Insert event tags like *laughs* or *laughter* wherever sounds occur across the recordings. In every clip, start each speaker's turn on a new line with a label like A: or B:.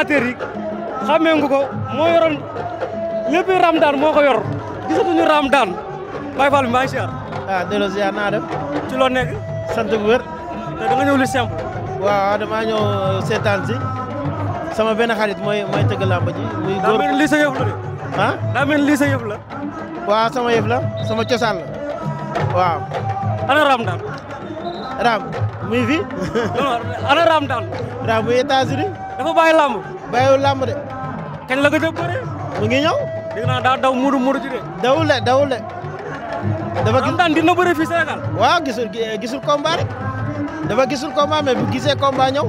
A: materi xamé nguko mo yoron lepp ramdan moko ramdaan moo ko yor gisatuñu ramdaan Fall bay maa ah de siyaar naa def. ci lo nek sante bu da nga ñew lu simple. wa dama ñew euh, setan ci sama ben xarit moy moy teug làmb ji. muy góor daa mel sa yef la ha ah mel sa yef la. wa sama yef la sama ciosan la wa ana ramdan ram muy fi. *laughs* non ana ramdan ram muy dafa bàyyi làmb. bàyyiwul làmb de. kañ la gëj a mu ngi ñëw. dégg naa daa daw muuru muuru ji de. dawul de dawul dafa gisul eh, gisul combat rek. dafa gisul combat mais bu gisee combat ñëw.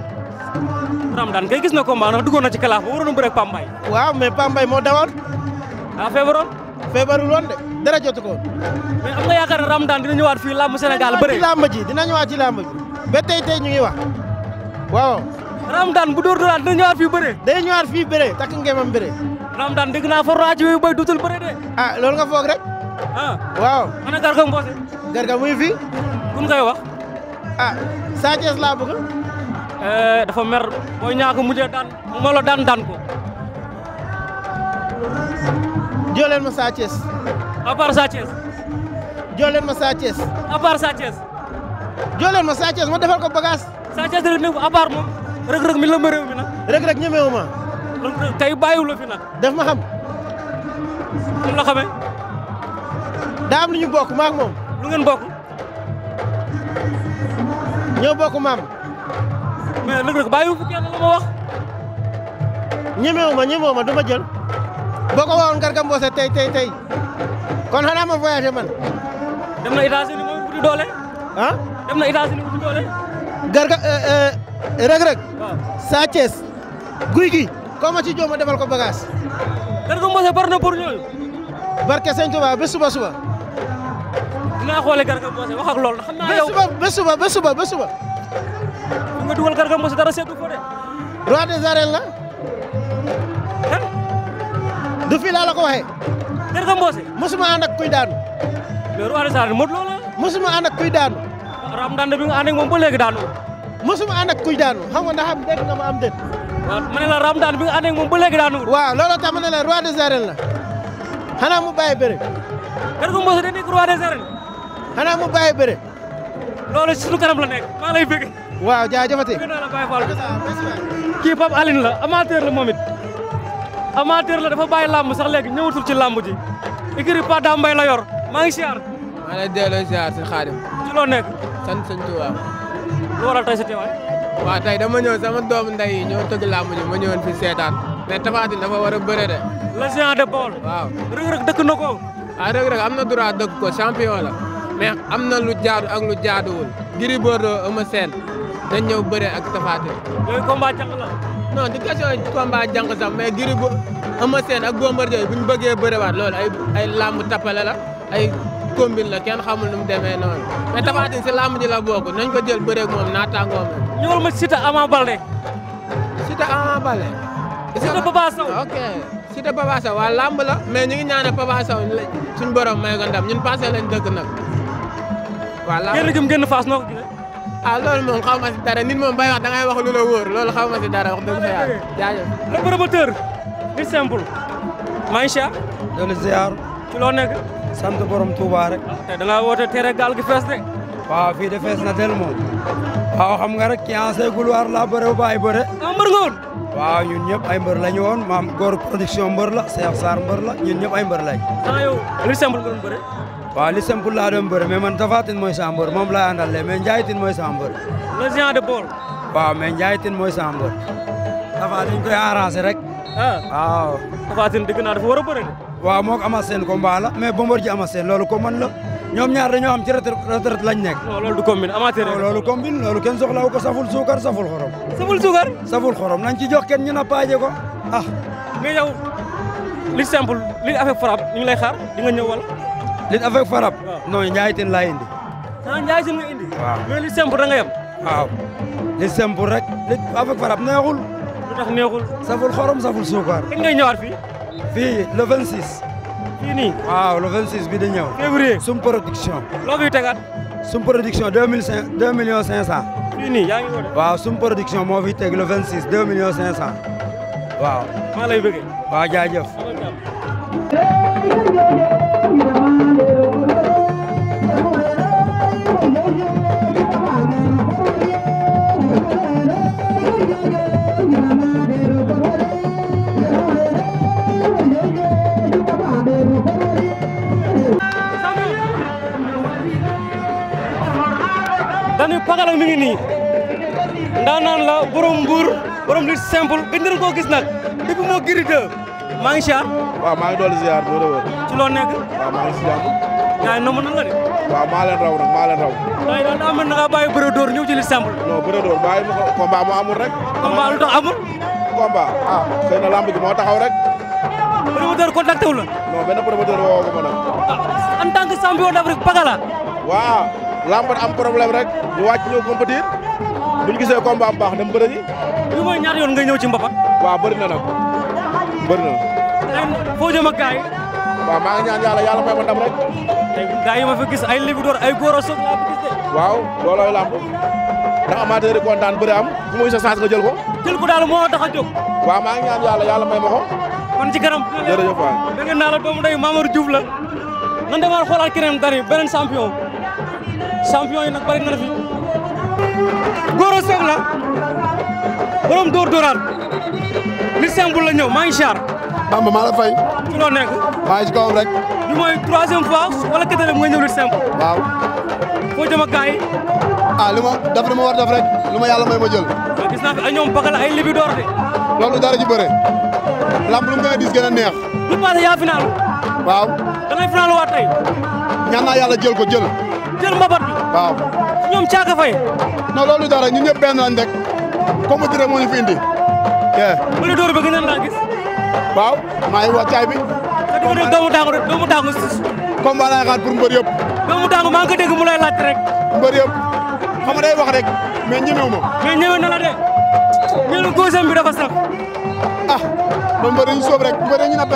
A: Ramdan kay gis na combat ndax duggoon ci kalaaf ba waroon a Pambay. waaw mais Pambay moo dawoon. ah feebaroon. feebarul woon de dara jotu ko mais am nga yaakaar Ramdan dina ñëwaat bëre. ji dina ñëwaat ci ba ñu ngi wax waaw. Ramdan bu door dóoraat dina ñëwaat fii bëre. day ñëwaat fii bëre takk ngeemam bëre. Ramdan dégg naa faru ci yooyu bay dutul bëre de. ah loolu nga foog rek. ah waaw. ana Garga Mbossé. Garga fi. kun koy wax. ah Sa Thiès laa bëgg. Eh, dafa mer booy ñaaka mujjee daan moo la daan daan ko. jooleen ma Sa Thiès. à part Sa Thiès. jooleen ma Sa Thiès. à part Sa ma Sa Thiès ma defal ko bagage. Sa Thiès rek ne ko Reug Reug mi la bëréew mi nag. Reug Reug ñemewu ma. tey bàyyiwu la fi nag. daf ma xam. am la xamee. daa lu ñu bokk ma moom. lu ngeen bokk. ñoo bokk maam. mais Reug Reug bàyyiwu fi kenn la ma wax. ñemewu ma ñemewu ma du ma jël. boo ko waxoon tey tey tey kon xanaa ma voyagé man. dem na États-Unis mooy doole. ah dem na États-Unis doole. Garga. Euh, euh, Reug Reug Sa Thiès guy gi koo ma ci jooma defal ko bagage. kër a bari na pour ñooñu. barke sëñ Tuba ba suba suba. dinaa xoolee kër ga mos wax ak loolu. xam naa yow ba suba ba suba ba suba. bu nga dugal kër dara seetu ko de. roi des arènes la. du fii ko waxee. kër ga mos. mosuma kuy daanu. mais roi des arènes Modou Lo la. mosuma ànd ak kuy daanu. ram daan bi nga ànd moom ba daanu. musuma anak ak kuy daanu xam nga ndax am dégg nga ma am déet mané ramdan bi nga and ak mom ba lolo tax mané la roi des arènes la xana mu baye béré kan ko mos dañ roi des arènes xana mu baye béré lolo ci sunu kanam la nek ma lay bëgg waaw jaajëfati ki pap aline la amateur la momit amateur la dafa baye lamb sax légui ñëwatul ci lamb ji ikiri pa dambay la yor ma ngi siar ma lay delo siar ci xadim ci lo nek san señ tuwa lu waral tey sa teewaay. waaw tey dama ñëw sama doomu ndey yi ñoo tëgg làmb ji ma ñëwoon fi seetaan mais Tapha Tine dafa war a bëre de. le géant de Baol. waaw Reug dëkk na ko. a ah, Reug Reug am na droit dëkk ko champion la mais am na lu jaadu ak lu jaaduwul. Gris Bordeaux Eumeu Sène dañ ñëw bëre ak Tapha Tine. yooyu combat jàng la. non di question combat jàng sax mais Gris Bordeaux Eumeu ak Bombardier bu ñu bëggee bërewaat lool ay ay làmb tapale la ay. Kombin la kenn xamul nu mu demee mais Tapha Tine si làmb la bokk nañ ko jël bëreeg moom naataangoom la. ñëwal ma Siteu Ama Baldé. Siteu Ama Baldé. Siteu Papa Sow ok Siteu Papa Sow waa làmb la mais ñu ngi ñaanal Papa Sow suñ borom may ko ndam ñun passé lañ dëkk nag. waa làmb génn gëm génn faas noo ah loolu moom dara nit bay wax da ngay wax lu la dara wax dëgg fa le promoteur.
B: simple. ziar. ci sant borom Touba rek. te da ngaa woote tere gaal gi fees de. waaw fii de fees na tel moom. waaw nga rek ki ancien couloir laa bëre ba ay bëre. ah mbër nga woon. waaw ñun ñëpp ay mbër lañu woon maam góor production mbër la Cheikh Sarr mbër la ñun ñëpp ay mbër lañ. ah yow li simple nga doon bëre. laa doon bëre mais man Tapha Tine mooy sa mbër moom laa àndal mais Ndiaye Tine mooy sa mbër. le géant de Baol. mais Ndiaye Tine mooy sa mbër. Tapha dañ koy arrangé rek. ah waaw. Tapha Tine dëgg naa dafa war a bëre de. waaw moo ko Ama Sène combat la mais Bombardier Ama Sène loolu ko mën la ñoom ñaar dañoo am ci retraite lañ nekk. loolu du combine amateur loolu combine loolu kenn soxlawu ko saful suukar saful xorom. saful suukar. saful xorom nañ ñu na paaje ko ah. li simple li avec frappe ñu ngi lay xaar di nga ñëw wala. li avec frappe. Ah. non laa indi.
A: ah Ndiaye Tine nga indi.
B: waaw mais li simple da nga yem. waaw li simple rek li avec frappe neexul. lu tax neexul. saful xorom saful suukar. ngay ñëwaat fii. fii le 26. fii nii waaw le 26 bi di ñëw. février sum production. loo fiy tegaat. sum production deux mille cinq deux millions cinq cent. fii nii yaa ngi ko waaw sum production moo fiy teg le 26 deux waaw. maa lay bëggee. waaw jaajëf.
A: pagala mi ini, nii ndaanaan la borom mbuur borom lutte simple gëj nañ koo gis nag depuis moo giri de ngi siyaar waaw maa ngi doon siyaar bu rëwër ci loo nekk waaw maa ngi si jàmm gaa yi
C: la de waaw maa leen raw nag maa leen raw waaye daal na bëre door ci simple bëre door combat amul rek combat lu tax amul combat ah xëy lamb ji moo taxaw rek promoteur contacté wu la non benn promoteur woo ko ma nag
A: ah, en tant que
C: champion d'Afrique lambar am problème rek wacc ñu wàcc ñëw compétir duñ gisee combat am baax dem bëre ji. bi moy ñaar yoon nga ñëw ci mbapat. wa bëri na nak bëri
A: na. ren foo jëm ak gaay wa ma nga ñaan yalla yalla fay ma ndam rek. gaay gars yi
C: ma fa gis ay libidoor ay goro sok la fa gis de. waaw loolooy lamb ndax amateur yi kontaan bëri am bu moy sa sans nga jël ko. jël ko daal mo taxa a wa ma nga ñaan yalla yalla may ma ko.
A: kon ci kanam. jërëjëf wa da nga naa la doomu day Mamadou Diouf la. nan demaat xoolaat keneen dari beneen champion. champion yi nag bari na fi Gora Sock la borom dóor dóoraat li simple la ñëw maa ngi char Bamba maa la fay ci loo nekk maa ngi ci kawam rek bi mooy troisième fois wala quatrième nga ñëw li simple waaw foo jëm ak gars li ah, ma def li war def rek lu ma yàlla may ma jël gis naa fi ay ñoom ay libi door de loolu dara ci bëre lamb lu mu a dis neex lu passé yaa final waaw da ngay final waat tey jël ko jël jël mbabat bi waaw ñoom caaka fay non loolu dara ñun ñëpp benn lañ rek comme dire moo ñu fi indi bëri dóor bi gën a laa gis waaw maa ngi wàccaay bi te doomu daangu doomu daangu combat laay xaar pour mbër yëpp doomu daangu maa ngi ko dégg mu lay laaj rek mbër yëpp xam nga day wax rek mais ñemewu ma mais ñeme na la de ñeenu góosam bi dafa saf ah, ba mbër yi ñu sóob rek mbër yi ñu nappe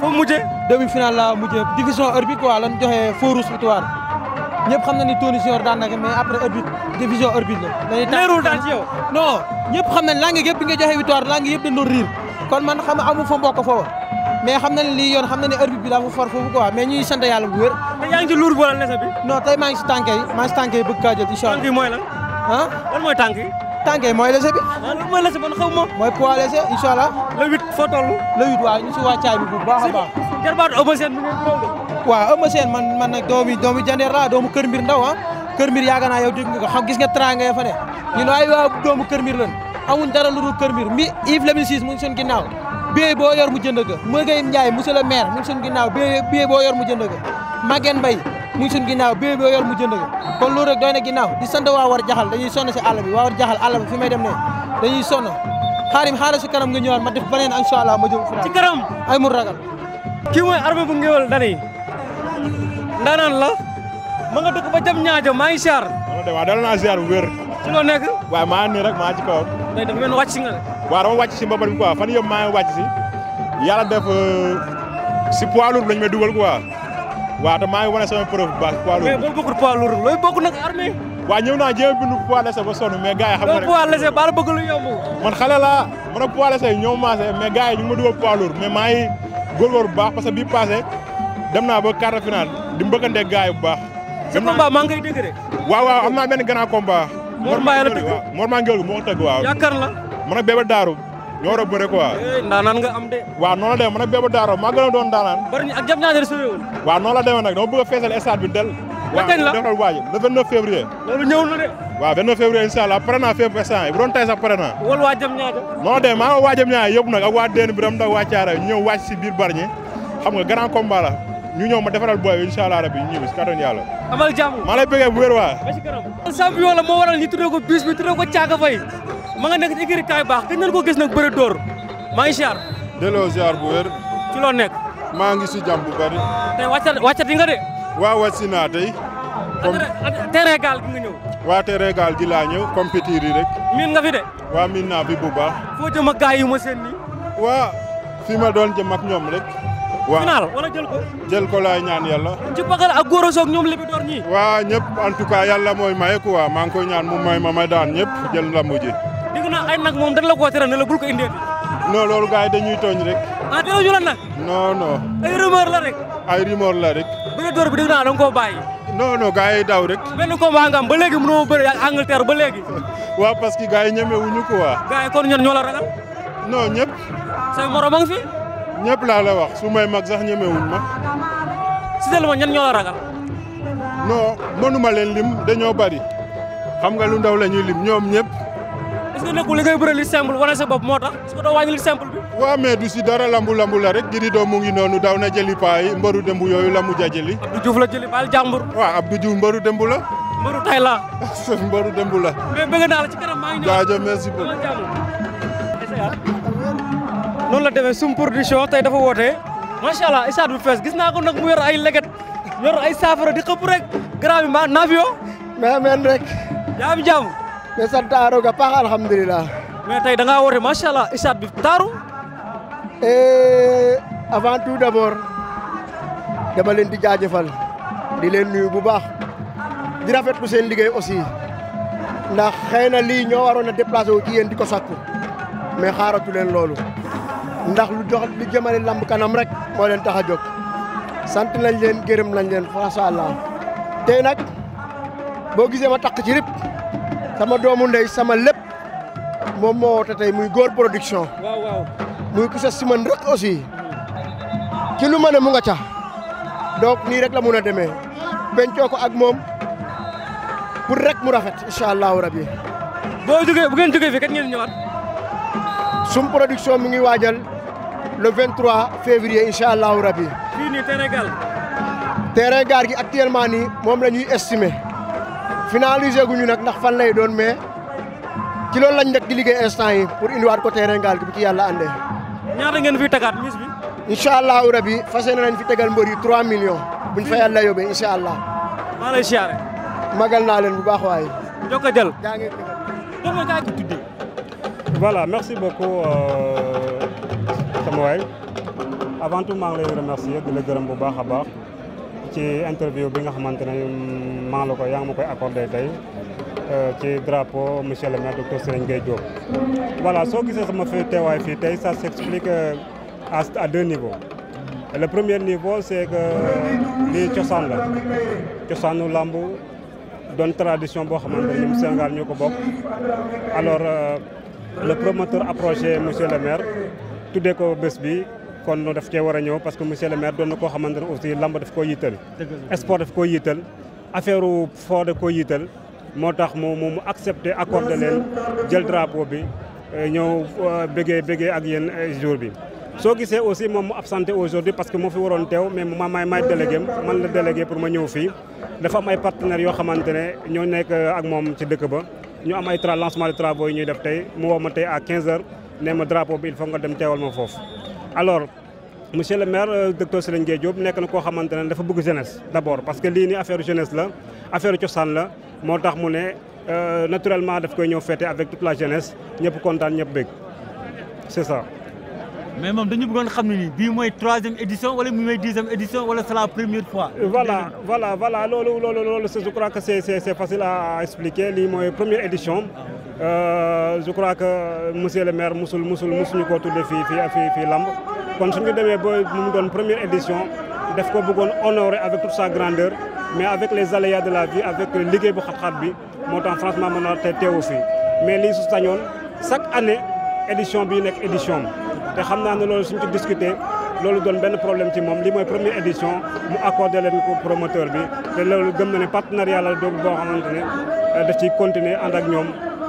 A: foo mujjee. demi final la mujjee division arbitre quoi lan joxe feu rouge victoire ñëpp xam na ni Tony Junior daan na ko mais après arbitre division arbitre la. dañuy tànn daan ci yow. non xam na langue yëpp bi nga joxe victoire langue yëpp dañu kon man xam amu fa mbokk foofa mais xam na ne lii yoon xam na ne arbitre bi daa fa for foofu quoi mais ñuy sant yàlla bu wér. mais yaa ngi luur boolal lese bi. non tey maa ngi si tànk yi maa si tànk yi bëgg kaa jël incha tànkee moo léger bi. waaw ah, loolu mooy léger man xaw ma. mooy poids léger incha allah. le huit foo toll. le huit waaw baax a baax. jarbaatu Eumeu mu ngeen toll. waaw Eumeu Sène man man doomi doomi jandeer laa doomu Kër Mbir ndaw ah Kër Mbir yaaga naa yow dégg nga ko xam nga teraanga ya fa ne ñun ay waa doomu Kër Mbir lan amuñ dara lu dul Kër Mbir mi Yves Lamine Cissé mu ngi seen ginnaaw biyee boo yor mu jënd ga Mëgay Ndiaye monsieur le maire mu seen ginnaaw biyee boo yor muy sun ginaaw bébé boo yor mu jënd ko kon loolu rek doy na ginaaw di sant wa war jaxal dañuy sonn ci àll bi wa war jaxal àll bi fi may dem ne dañuy sonn xaarim xala ci kanam nga ñëwaat ma def beneen inshallah allah ma jëm ci kanam ay mu ragal ki moy arbe bu ngeewal dani ndanan la ma nga dëkk ba jëm ñaajo ma ngi siyaar
C: wa dal na xaar wër ci lo nekk waaw ma ni rek ma ci ko day dem ñu wacc nga wa dama wacc ci mbabal bi quoi fan yëpp ma wacc ci yalla def ci euh, poids lourd lañ may quoi waaw maa ngi wane sama preuve bu baax looy bokk nag armée. waaw ñëw naa jéem bindu poids ba sonn mais gars yi xam nga rek poids léger baal bëgg lu yomb. man xale man ak poids maase mais gars ñu ngi ma dugal poids maa ngi góorgóor bu baax parce que bii passé dem naa ba quart de finale di mbëkkanteeg gars yi bu baax. sa combat maa ngi koy dégg de. waaw am naa benn grand combat. Mor Mbaye la tëgg man ak Daaru ñoo war a bëre quoi. Eh, ndaanaan nga am de. waaw noonu la demee man ak Bébé Daro a la demee nag dama bëgg a feesal stade bi del. la kañ la waaw defal waaj le 29 février. loolu ñëw na de. waaw 29 février de maa ngi waa jam ñaata yëpp nag ak waa déen bi ram nag waa Thiara ñu si biir Bargny xam nga grand combat la ma defaral booy incha allah rabbi ñu ñëw si bu wér waa.
A: ba ci kanam. champion waral ñu tuddee ma nga nekk ci écurie kaay baax gën nañ ko gis nag
D: bëre dóor maa ngi ziar. delloo ziar bu wér. ci loo nekk. maa ngi si jàmm bu bari. tey wàccat wàccati nga de. waa wàcci naa tey. comme terrain gi nga ñëw. waa terrain gaal gi laa ñëw compétir rek. miin nga fi de. waa miin naa fi bu baax. foo jëm ak gars yi ma seen nii. waa fi ma doon jëm ak ñoom rek. waaw final wala jël ko. jël ko laay ñaan yàlla. ci bagal ak góor a soog ñoom li bi door ñii. en tout cas yàlla mooy maye quoi maa ngi koy ñaan mu may ma ma daan ñëpp jël lamb ji
A: na ay nak mom dañ la ko tere ne la bul ko indee
D: non loolu gaay dañuy togn rek ah tere ñu lan nag non non ay rumeur la rek ay rumeur la rek bëre door bi degna naa ko bayyi non non gaay daw rek ben ko nga ngam ba léegi mënoo bëre ak Angleterre ba léegi *laughs* wa parce que gaay yi wuñu quoi gaay kon ñan ñola ragal non ñep say morom ak fi ñep la la wax su may mag sax wuñ ma si ma ñan ñola ragal non mënuma leen lim dañoo bari xam nga lu ndaw lañuy lim ñom ñep gis nga nekkul li ngay bëre li simple wane sa bopp moo tax su ko doo wàññi li simple bi. waaw mais du si dara lambu la rek Gris 2 ngi noonu daw na jëli paa yi mbaru démb yooyu la mu jajëli. Abdou Diouf la jëli baal jàmbur. waaw Abdou Diouf mbaru démb la. mbaru tay la. *laughs* mbaru démb la. mais bëgg naa la ci kanam maa ngi ñëw.
A: noonu la demee sum production tey dafa woote macha allah isaat bu fees gis naa ko nag mu yor ay leget yor ay saafara di xëpp rek grand bi
E: maa mais sant a roog a paax alhamdulilah
A: mais da ngaa woote macha allah
E: isaat bi taaru et eh, avant tout d' abord dama leen di jaajëfal di leen nuyu bu baax di rafetlu seen liggéey aussi ndax xëy na lii ñoo waroon a déplacé wu ci yéen di ko sakku mais xaaratu leen loolu ndax lu jox lu jëmale lamb kanam rek moo leen tax a sant nañ leen gërëm nañ leen macha allah tey nag boo gisee ma takk ci rip sama doomu ndey sama lépp moom moo woote tey muy góor production. waaw muy ku sa si man rek aussi ci lu ma ne mu nga ca donc nii rek la mun a demee bencoo ko ak moom pour rek mu rafet incha allahu rabi. boo jógee bu ngeen jógee fi kat ngeen ñëwaat. sum production mu ngi waajal le 23 février incha allahu rabi. fii nii terrain gaal. terrain gaal gi actuellement nii moom la ñuy estimé. finalisé guñu nag ndax fan lay doon mais ci loolu lañ nekk liggéey instant yi pour indiwaat ko terrain gaal gi bu ci yàlla àndee.
A: ñaata ngeen fiy tegaat mise bi.
E: incha allahu rabi fas yéene nañ fi tegal mbër yi 3 millions buñ fa yàlla yóbbee incha allah. maa magal naa leen bu baax waaye.
F: Jokko Jal.
A: yaa ngi ko tuddee.
F: voilà merci beaucoup euh, sama waay avant tout maa lay remercier di la gërëm bu baax a baax. ci interview bi nga xamante ne maa la ko yaa ngi ma koy accordé tey euh, ci drapeau monsieur le maire docteur Serigne Gueye Diop. voilà soo gisee sama fi teewaay fii tey ça s'explique euh, à à deux niveaux le premier niveau c'est que euh, lii cosaan la cosaanu làmb doon tradition boo xamante ne Sénégal ñu ko bokk alors le promoteur approché monsieur le maire tuddee ko bés bi kon daf parce que monsieur le maire aussi lamb daf sport daf affaire daf mu accepté accordé jël drapeau bi euh, ñëw euh, ak yéen euh, jour aussi absenté aujourd'hui parce que moo fi waroon mais ma may may délégué la pour ma ñëw fii dafa am ay partenaires yoo xamante ñoo nekk ak moom ci dëkk ba lancement de travaux ñuy à 15h je ma drapeau bi il faut alors monsieur le maire euh, docteur Serigne nous avons nekk na koo xamante dafa de jeunesse d'abord parce que c'est ni affaire jeunesse la affaire de la moo tax euh, naturellement daf koy ñëw fête avec toute la jeunesse ñëpp kontaan ñëpp bëgg c'est ça.
A: mais moom dañu bëggoon xam ne ni bii troisième édition wala bii mooy dixième édition wala c'est la première fois.
F: Euh, voilà voilà voilà je crois que c'est c'est facile à expliquer C'est la première édition. Ah, euh, je crois que monsieur le maire musul musul musuñu ko tudde fi fi fi fii lamb kon suñu demee ba mu doon première édition def ko bëggone honorer avec toute sa grandeur mais avec les aléas de la vie avec ligue bu xat-xat bi moo tax franchement mën té te fi mais li su chaque année édition bi nek édition té xamna na ne suñu discuté ci discuter loolu doon ben problème ci mom li moy première édition mu accorder leen ko promoteur bi té lolu gëm na né partenariat la doog bo xamante da ci continuer and ak ñom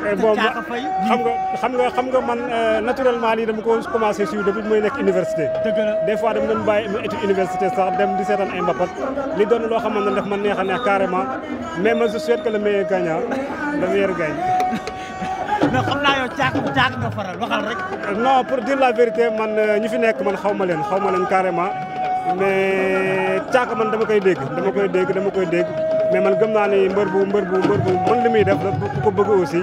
A: Eh, moom xam
F: nga xam nga xam nga man eh, naturellement lii dama ko commencé suivre depuis muy nekk université des fois dama doon bàyyi étude université sax dem di seetaan ay mbapat li doon loo xamante ne daf ma neex a neex carrément mais ma je souhaite que le meilleur gagnant ah. le meilleur gagne
G: *laughs* non xam naa yow caak eh,
F: pour dire la vérité man ñi fi nekk man xaw ma leen xaw ma leen carrément mais caak man dama koy dégg dama koy dégg dama koy dégg mais man gëm naa ni mbër bu mbër bu mbër bu mën muy def la ku ko bëgg aussi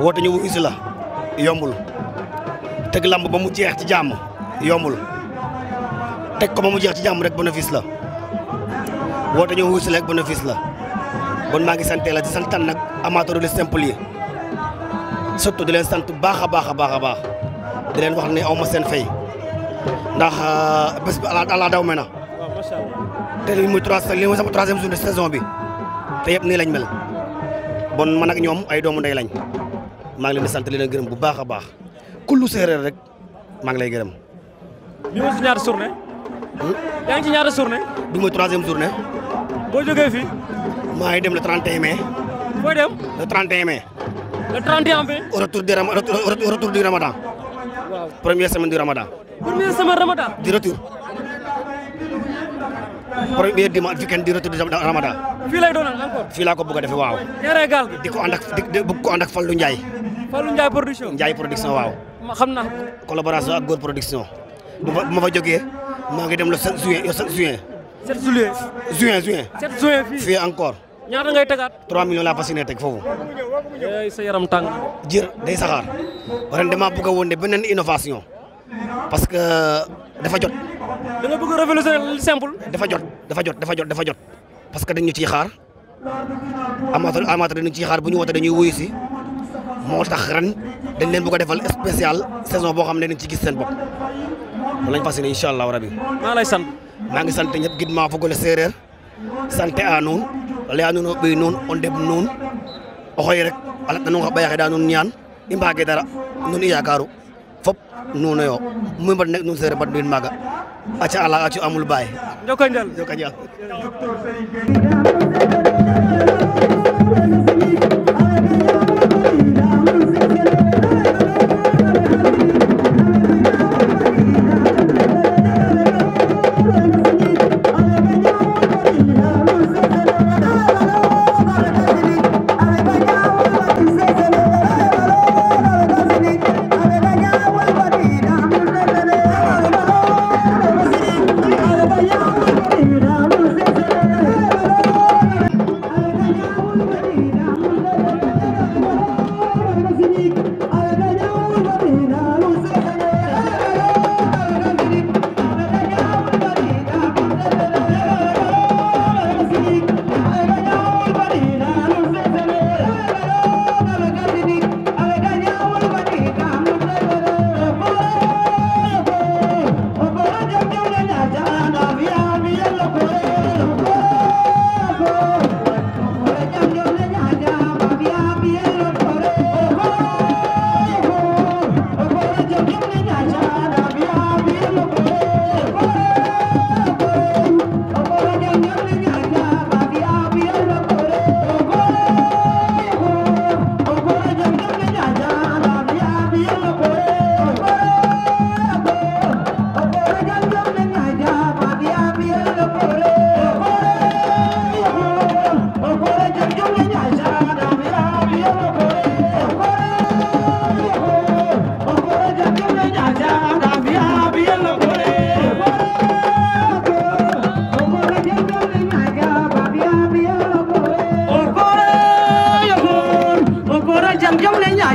G: wote ñu wu la yombul tek lamb ba mu jeex ci jamm yombul tek ko ba mu jeex ci jamm rek bénéfice la wote ñu rek bénéfice la bon ma ngi santé la di santan nak amateur lu simple yi surtout di len sant baax a baax baax di len wax ne awma sen fay ndax euh, bes bi ala ala daw sha Allah té li mu trois li mu sa troisième saison bi té yépp ni lañ mel. bon man ak ñoom ay doomu ndey lañ maa ngi leen di sant leen gërëm bu baax a baax kullu séeréer rek maa ngi lay gërëm. bii mooy si ñaata journée. Hmm? yaa ngi ci ñaata journée. bii mooy troisième journée. boo jógee fii. maa ngi dem le 31 mai. booy dem. le 31 mai. le 31 mai. au retour du rama retour ramadan. waaw semaine du ramadan.
A: première semaine ramadan.
G: di retour. premier dimanche weekend di retour de Ramadan
A: fi lay donal encore
G: fi la ko bëgg def waaw yare gal diko andak ko andak fallu ndjay fallu ndjay production ndjay production waaw ma xamna collaboration ak gor production ma fa joggé ma ngi dem le 5 juin le 7 juin 7 juillet juin juin 7 juin fi encore
A: ñaara ngay tegaat
G: 3 millions la fas tek fofu ay eh, sa yaram tang jër day saxar waran dama bëgg wonné benen innovation parce que dafa jot da nga bëgg révolutionner simple. dafa jot dafa jot dafa jot dafa jot parce que dañu ci xaar amatu amateur dañu ci xaar bu ñu dañuy wuyu si moo tax ren dañ leen bëgg a defal spécial saison bo xamne dañ ci gis seen bopp loolu lañ fasiné inshallah rabbi ma lay sant. ma ngi sant ñëpp gid maa fogole séeréer santé a nuun leya nuun o bi nuun on ndeɓ nuun o rek ala laɗ na nuun da nuun ñaan i dara nuun i yaakaaru nuunoyo mu ba nek nuun seereer mbaɗ nduyin maaga aca ala acu amul baay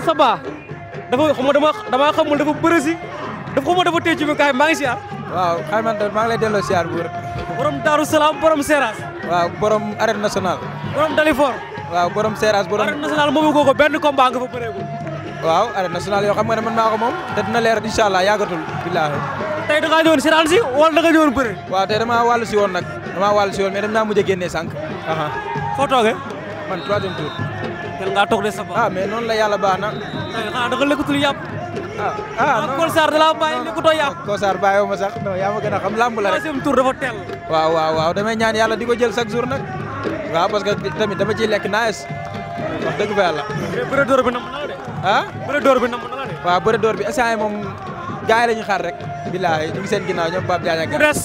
A: Aliou Saba dafa xam dama damaa xamul dafa bërësi dafa xamul dafa téye ci biir kaay maa ngi siyaar. waaw xay man maa ngi lay delloo siyaar bu wér. borom Darou Salaam borom Seras. waaw borom arène nationale. borom Dalifor. waaw borom Seras borom. arène nationale moomu googu benn combat nga fa bëreegul. waaw arène nationale yoo xam nga ne man maa ko moom te dina leer incha allah yàggatul billaahi. tey da ngaa si wala da nga ñëwoon bëre. si woon nag damaa wàllu si woon mais dem naa mujj a yaa toog de sa bopp. ah mais la yàlla baax na. ah da nga lekkatul yàpp. Ah, ah ah non Kosaar da laa bàyyi lekkutoo yàpp. Kosaar bàyyi ma yaa ma gën a xam làmb la rek. troisième tour dafa teel. waaw waaw waaw damay ñaan yàlla di ko jël chaque jour nag. waaw parce que tamit dama ciy lekk naaj. wax dëgg fa bi na la de. ah bi namm na la a waaw bëre bi instant moom gars yi la ñu xaar rek. bilaay ñu ngi seen ginnaaw ñoom Pape Diagne ak. ku des.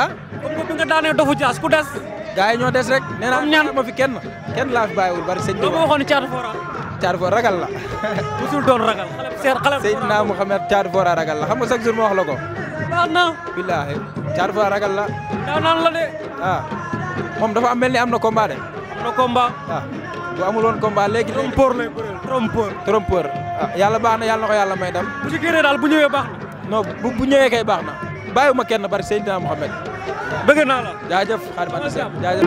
A: ah. comme bi nga daanee dofu jaas ku gars yi ñoo des rek. nee naa ñaan ma fi kenn kenn laa fi bàyyiwul bari sëñ bi ma waxoon Thiatou Fora. Thiatou Fora ragal la. musul doon ragal. seet xale Seydina
B: Mouhamed Thiatou Fora ragal la xam nga chaque jour la ko. baax na. billaahi Thiatou Fora ragal la. daaw ah. dafa am mel ni am na combat de. am na combat. ah
A: bu amul woon combat léegi. trompeur lay bëreel trompeur. trompeur ah yàlla baax na yàlla na ko yàlla may dam bu ci gëree daal bu ñëwee baax na. non bu bu ñëwee kay baax kenn bari Seydina Mouhamed. bëgg naa la jaajëf a Bada Seck jaajëf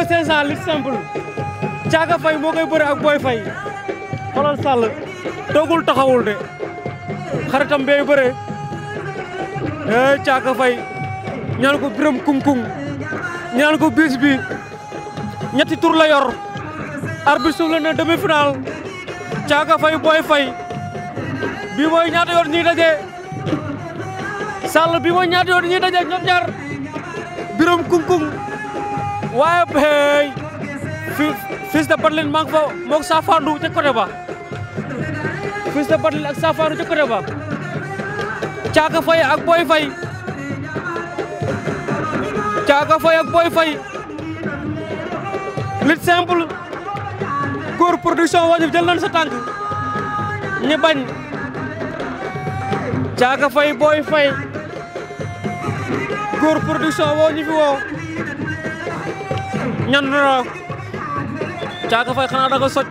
A: Saya cinq cent litre simple Thiaka Faye moo koy bëri ak Boy Faye xoolal Sall toogul taxawul de xaritam bee bëre eh Thiaka Faye ñaan ko biram kung-kung ñaan ko bis bi ñetti la yor arbitre la demi final, Thiaka Faye Boy Faye bi mooy ñaata yoon ñuy daje Sall bi mooy ñaata biram kung waaye hey Fils de Batling maa ngi fa moog Safandu ca côté ba Fils de Batling ak Safandu ca côté ba Caaka Faye ak Boy Faye Caaka Faye ak Boy Faye lit simple góor production wajëf jël nañ sa tànk ñi bañ Caaka Faye Boy Faye góor production woo ñu woo ñan na caaka fay xanaa da nga soj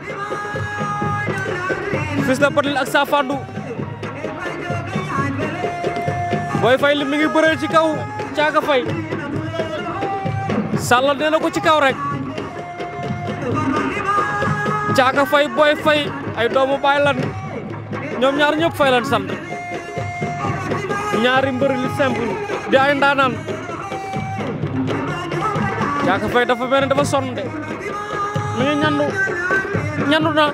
A: fils de Batil ak Sa Fandou Boy Faye li mi ngi bëree ci kaw caaka fay sàllal nee ko ci kaw rek caaka fay Boy Faye ay doomu baay lan ñoom ñaar ñëpp fay lan sant ñaari mbër li simple di ay ndaanaan Caaka Faye dafa mel ni dafa sonn de mi ngi ñandu ñandu na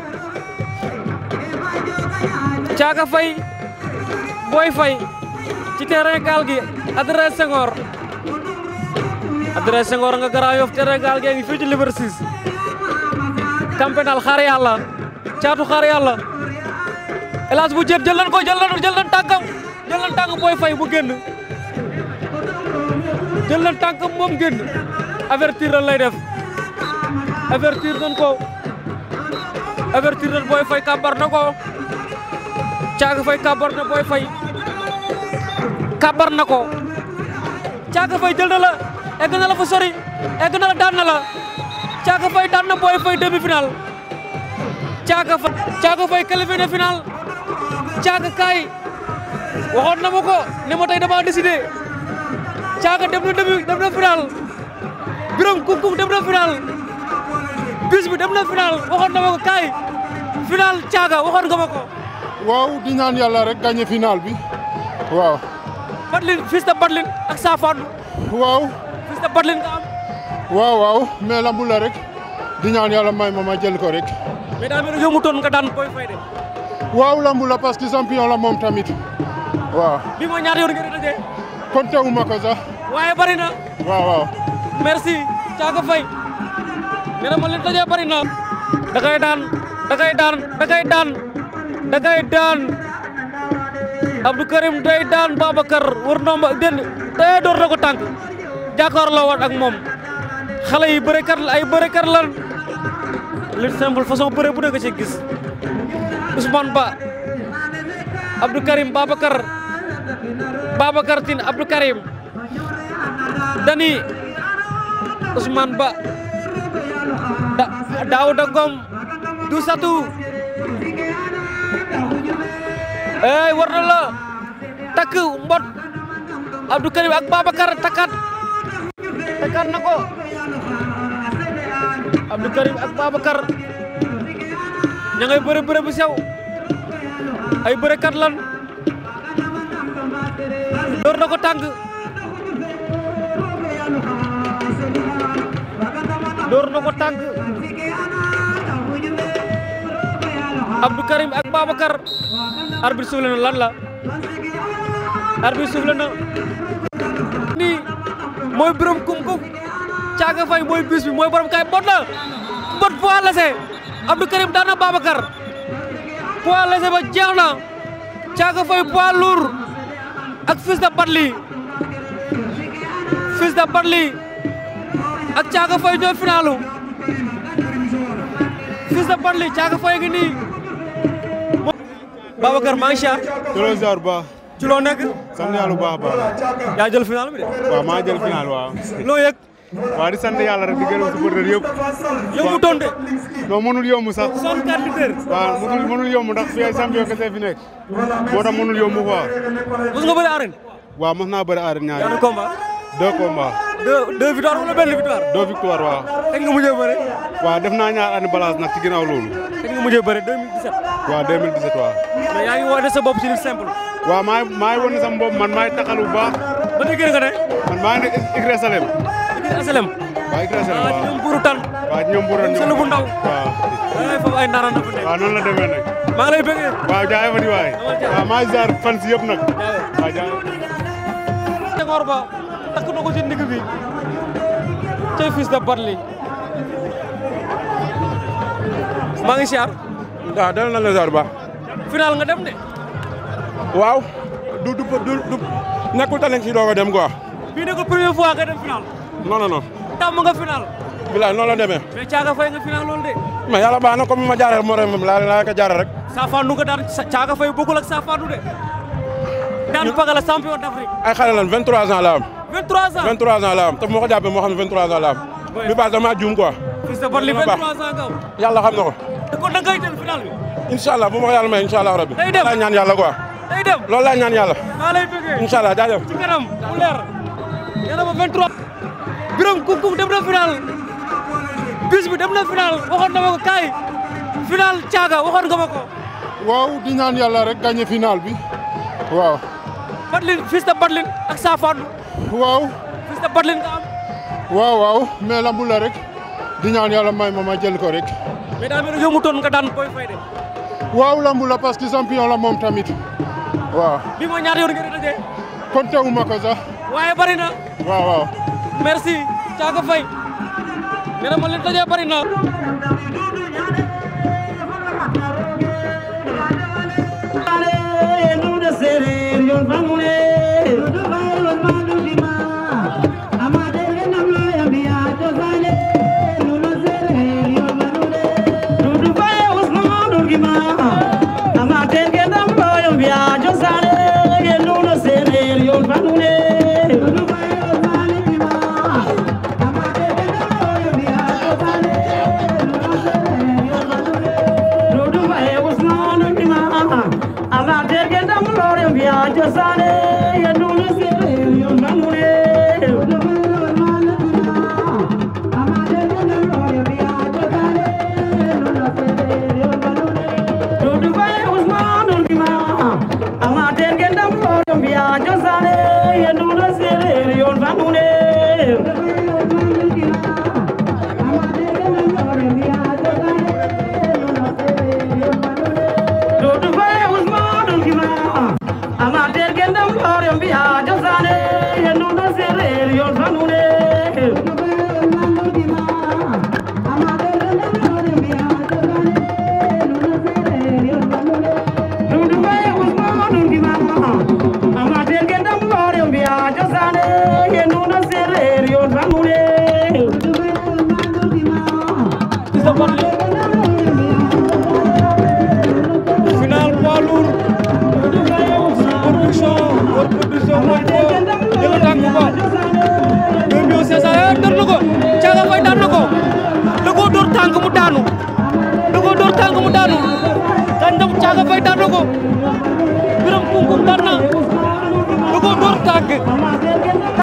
A: Caaka Faye Boy Faye ci terrain gaal gi adresse Senghor nga Grand Yoff terrain gaal gi ngi fii ci Liberté 6 campenal xaar caatu xaar yàlla bu jët jël ko jël nañ jël nañ tànkam jël nañ avertir lan lay def avertir nañ ko avertir nañ Boy Faye kàmbar na ko Thiaka Faye kàmbar na Boy Faye kàmbar na ko Thiaka Faye jël na la egg na la fa sori egg na la daan na la Thiaka Faye daan na Boy Faye demi-finale Thiaka Faye Thiaka Faye qualifié na finale Thiaka kaay waxoon na ma ne ma tey dama décidé Thiaka dem na demi dem na finale Birame Koungkoung dem na final bis bi dem na final waxoon na caaga
D: waxoon nga ma waaw di ñaan yàlla rek gagné final waaw.
A: Badlin fils de ak Safane. waaw. fils de
D: waaw waaw mais lambu rek di ñaan yàlla may ma ma rek.
A: mais daa mel ni nga daan
D: waaw lambu la parce que champion moom tamit waaw.
A: bi mooy ñaata yoon ngeen di
D: dajee.
A: waaye bari waaw waaw. merci cakep Faye nee na ma leen tojee ya, bari na da kay daan da kay daan da kay daan da kay daan Abdou Karim day daan Babacar war na ma den day dor na ko tànk jàkkaarloo woon ak moom xale yi ay lan lu simple façon bëre bu nekk ci gis Ousmane Ba Abdou Karim Babacar Babacar tin Abdou Karim dani Usman Ba da Daud Agom du satu eh lo tak umbot Abdul Karim Akbar Bakar takat takat nako Abdul Karim Akbar Bakar yang bere-bere bu ayo ay berekat lan dor nako door na ko tànk Abdou Karim ak Babacar arbitre suuf na lan la arbitre suuf na nii mooy borom kum kum caaga fay mooy bis mooy borom kay bot la bot poids laissé Abdou Karim daan na Babacar poids laissé ba jeex na caaga fay poids lourd ak fils de Batli fils de Batli ak Thiaka Faye ñoo finalu Fils de Batly Thiaka Faye ngi nii
D: Babacar maa ngi siyaar delloo ziar bu baax ci loo nekk sant yàlla yaa jël final bi de waaw maa jël final loo yëg waaw di sant yàlla rek di gërëm supporter yëpp yombu doon de non mënul yomb sax soixante-quatre lutteurs waaw mënul mënul yomb ndax nga bëri arène waaw mos naa bëri arène ñaari deux combats. deux deux victoires wala benn victoire. deux victoire waaw. kañ nga mujjee bëre. waaw def naa ñaar année balance nag ci ginnaaw loolu. kañ nga mujjee bëre 2017. waaw 2017 waaw. mais yaa ngi woote sa bopp ci li simple. waaw maa ngi maa ngi wane sama bopp man maa ngi taxal bu baax. ba tey gën nga de. man maa ngi nekk Igre Salem. Igre Salem. waaw Igre Salem ah, waaw ñoom Buuru Tan. waaw ñoom Buuru Tan ñoom Sëlu bu Ndaw. waaw. da ah, ngay ay ndaaraan na fa waaw noonu la demee nag. maa lay bëggee. waaw jaay fa di waay. waaw maa ngi fan si yëpp nag. waaw jaay
A: takk na ko ci ndigg bi tey fils de Barli
D: maa ngi siyaar waaw dana lazar ba
C: final nga dem de waaw du du du nekkul tane ci dooga dem quoi
A: bii ne ko première fois nga dem final non non non tàmm nga final
C: bilaay noonu la demee
A: mais caaga fay nga final loolu de
C: mais yàlla baax na comme ma jaaral morom moom laa laa ko jaaral rek
A: saafaanu nga daan caaga fay bokkul ak saafaanu de daan paga champion d'Afrique
C: ay xale lan 23 ans la am
A: 23 ans
C: te moo ko jàppee moo xam ne 23 ans la am. bi paase damaa juum quoi. fii sa bor
A: yàlla xam na ko. kon da ngay jël final bi.
C: incha allah ma ko rabi. day dem loolu laa ñaan yàlla quoi. day dem loolu laa ñaan yàlla. maa dem
A: na final. bis dem na final waxoon na ma ko kaay. final caaga waxoon nga ma
D: ko. di ñaan yàlla rek gagné final bi waaw. Badlin fils de Badlin waaw. fils de Batlin nga am. waaw waaw mais lambu la rek di ñaan yàlla may ma ma jël ko rek.
A: mais daa mel ni nga daan Boy Faye de.
D: waaw lambu la parce moom tamit
A: waaw. bi mooy ñaata yoon ngeen di dajee.
D: compté wu ko sax. waaye bari na. waaw waaw.
A: merci Thiaka Faye nee
H: na ma leen dajee bari na.